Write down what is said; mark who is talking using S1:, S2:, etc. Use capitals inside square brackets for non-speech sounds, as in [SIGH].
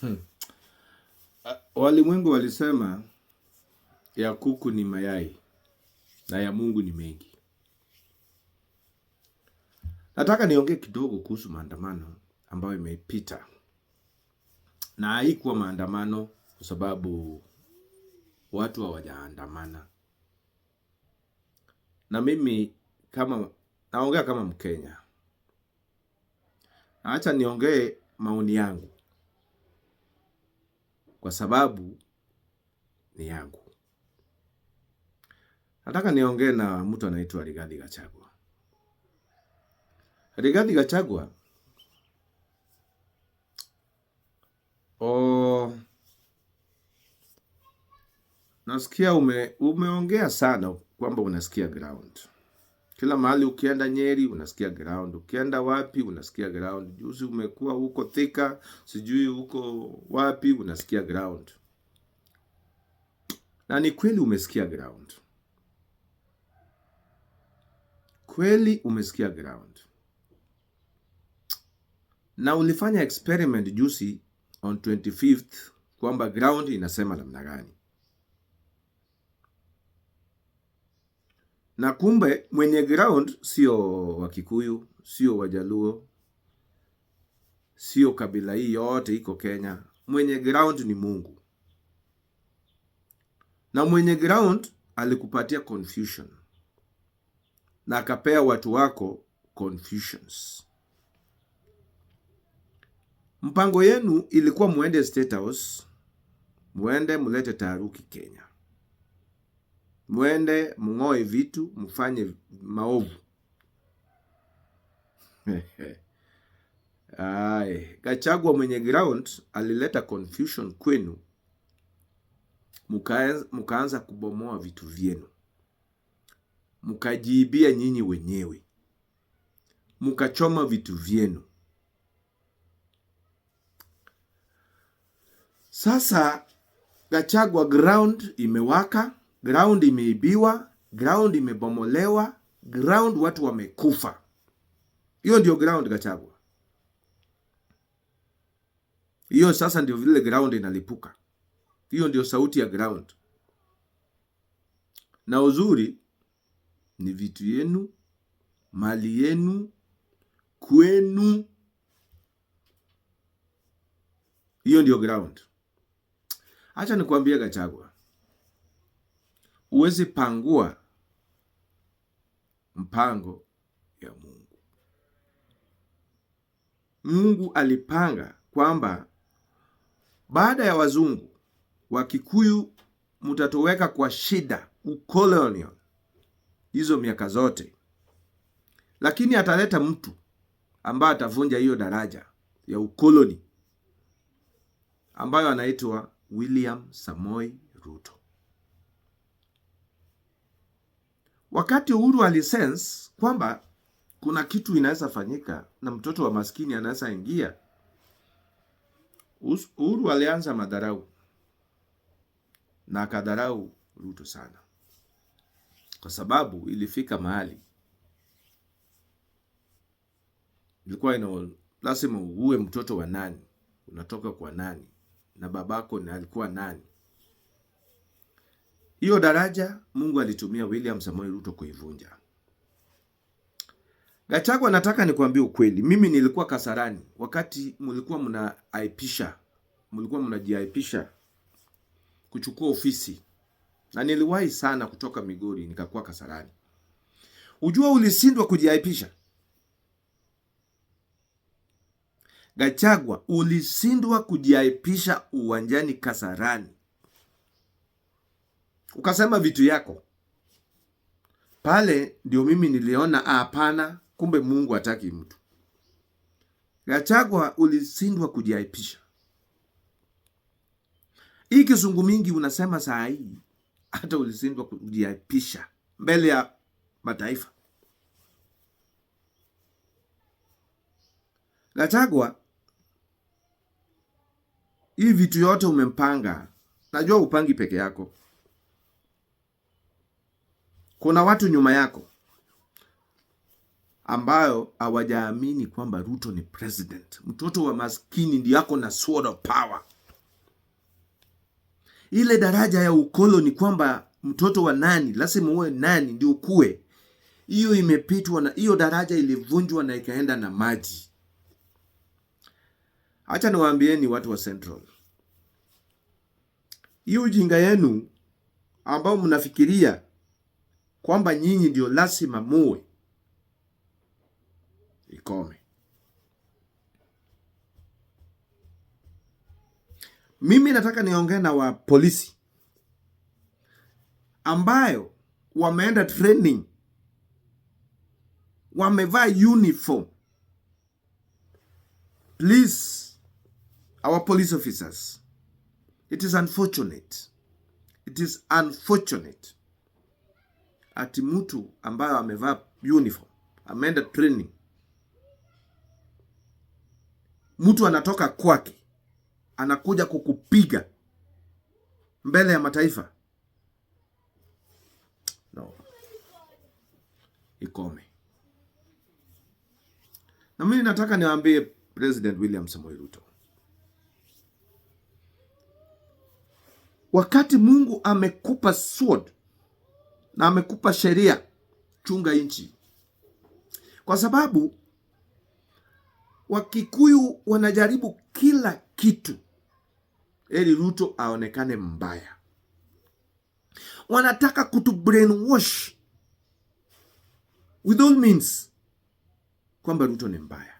S1: Hmm. Walimwengu walisema ya kuku ni mayai na ya Mungu ni mengi. Nataka niongee kidogo kuhusu maandamano ambayo imepita, na haikuwa maandamano kwa sababu watu hawajaandamana. Na mimi kama naongea kama Mkenya, acha niongee maoni yangu kwa sababu ni yangu. Nataka niongee na mtu anaitwa Rigathi Gachagua. Rigathi Gachagua o, nasikia ume, umeongea sana kwamba unasikia ground kila mahali ukienda Nyeri unasikia ground, ukienda wapi unasikia ground. Juzi umekuwa huko Thika, sijui huko wapi, unasikia ground. Na ni kweli umesikia ground, kweli umesikia ground, na ulifanya experiment juzi on 25th kwamba ground inasema namna gani. na kumbe mwenye ground sio Wakikuyu, sio Wajaluo, sio kabila hii yote iko Kenya. Mwenye ground ni Mungu, na mwenye ground alikupatia confusion na akapea watu wako confusions. Mpango yenu ilikuwa muende State House, muende mulete taharuki Kenya mwende mng'oe vitu mfanye maovu. Aye. [LAUGHS] Gachagua mwenye ground alileta confusion kwenu, mkaanza kubomoa vitu vyenu, mkajiibia nyinyi wenyewe, mkachoma vitu vyenu. Sasa Gachagua ground imewaka ground imeibiwa, ground imebomolewa, ground watu wamekufa. Hiyo ndio ground Gachagua. Hiyo sasa ndio vile ground inalipuka. Hiyo ndio sauti ya ground. Na uzuri ni vitu yenu, mali yenu, kwenu. Hiyo ndio ground. Acha nikuambie Gachagua, huwezi pangua mpango ya Mungu. Mungu alipanga kwamba baada ya wazungu, wa kikuyu mutatoweka kwa shida ukoloni hizo miaka zote, lakini ataleta mtu ambaye atavunja hiyo daraja ya ukoloni ambayo anaitwa William Samoi Ruto. Wakati Uhuru alisense kwamba kuna kitu inaweza fanyika na mtoto wa maskini anaweza ingia, Uhuru alianza madharau na akadharau Ruto sana, kwa sababu ilifika mahali ilikuwa ina lazima uwe mtoto wa nani, unatoka kwa nani na babako na alikuwa nani. Hiyo daraja Mungu alitumia William Samoei Ruto kuivunja. Gachagua, anataka nikwambie ukweli, mimi nilikuwa Kasarani wakati mlikuwa mnaapisha, mlikuwa mnajiaipisha kuchukua ofisi, na niliwahi sana kutoka Migori nikakuwa Kasarani. Ujua ulishindwa kujiaipisha Gachagua, ulishindwa kujiaipisha uwanjani Kasarani ukasema vitu yako pale. Ndio mimi niliona ah, hapana, kumbe Mungu hataki mtu. Gachagua, ulishindwa kujiaipisha. Hii kizungu mingi unasema saa hii, hata ulishindwa kujiaipisha mbele ya mataifa. Gachagua, hii vitu yote umempanga, najua upangi peke yako. Kuna watu nyuma yako ambayo hawajaamini kwamba Ruto ni president. Mtoto wa maskini ndio yako na sword of power. Ile daraja ya ukolo ni kwamba mtoto wa nani lazima uwe nani ndio ukue. Hiyo imepitwa na hiyo daraja ilivunjwa na ikaenda na maji. Acha niwaambieni watu wa Central, hiyo ujinga yenu ambao mnafikiria kwamba nyinyi ndio lazima muwe, ikome. Mimi nataka niongee na wa polisi ambayo wameenda training, wamevaa uniform. Please our police officers, it is unfortunate, it is unfortunate ati mtu ambayo amevaa uniform ameenda training, mtu anatoka kwake anakuja kukupiga mbele ya mataifa no. Ikome. Na mimi nataka niwaambie President William Samoei Ruto, wakati Mungu amekupa sword na amekupa sheria, chunga nchi, kwa sababu Wakikuyu wanajaribu kila kitu eli Ruto aonekane mbaya. Wanataka kutu brainwash with all means kwamba Ruto ni mbaya.